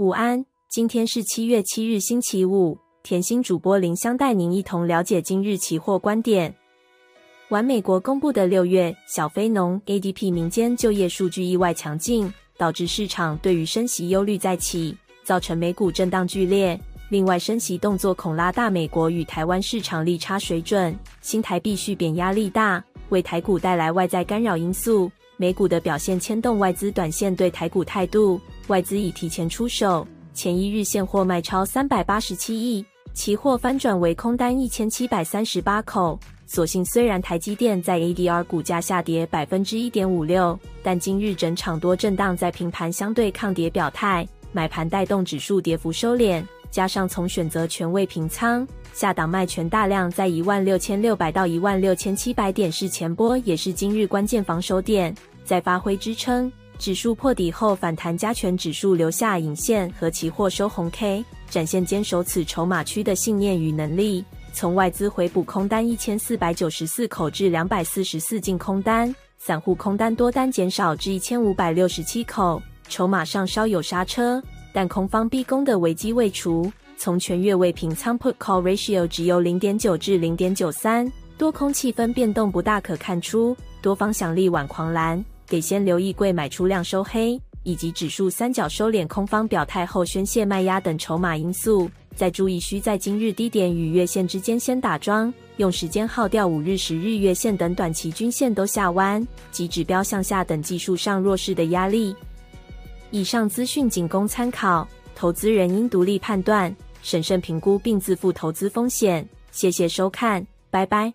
午安，今天是七月七日，星期五。甜心主播林香帶您一同了解今日期貨觀點。晚，美國公布的六月小非農 ADP 民間就業數據意外強勁，導致市場對於升息憂慮再起，造成美股震盪劇烈。另外，升息動作恐拉大美國與台灣市場利差水準，新台幣續貶壓力大，為台股帶來外在干擾因素。美股的表現牽動外資短線對台股態度，外資已提前出手，前一日現貨賣超三百八十七億，期貨翻轉為空單一千七百三十八口。所幸雖然台積電在 ADR 股價下跌百分之一點五六，但今日整場多震盪，在平盤相對抗跌表態，買盤帶動指數跌幅收斂，加上從選擇權未平倉下檔賣權大量，在一萬六千六百到一萬六千七百點是前波，也是今日關鍵防守點。再發揮支撐，指數破底後反彈，加權指數留下影線和期貨收紅 K，展現堅守此籌碼區的信念與能力。從外資回補空單一千四百九十四口至兩百四十四淨空單，散戶空單多單減少至一千五百六十七口，籌碼上稍有剎車，但空方逼宮的危機未除。從全月未平倉 Put Call Ratio 只有零點九至零點九三，多空氣氛變動不大，可看出多方想力挽狂瀾。得先留意櫃買出量收黑，以及指數三角收斂空方表態後宣洩賣壓等籌碼因素，再注意需在今日低點與月線之間先打樁，用時間耗掉五日、十日月線等短期均線都下彎及指標向下等技術上弱勢的壓力。以上資訊僅供參考，投資人應獨立判斷，審慎評估並自負投資風險。謝謝收看，拜拜。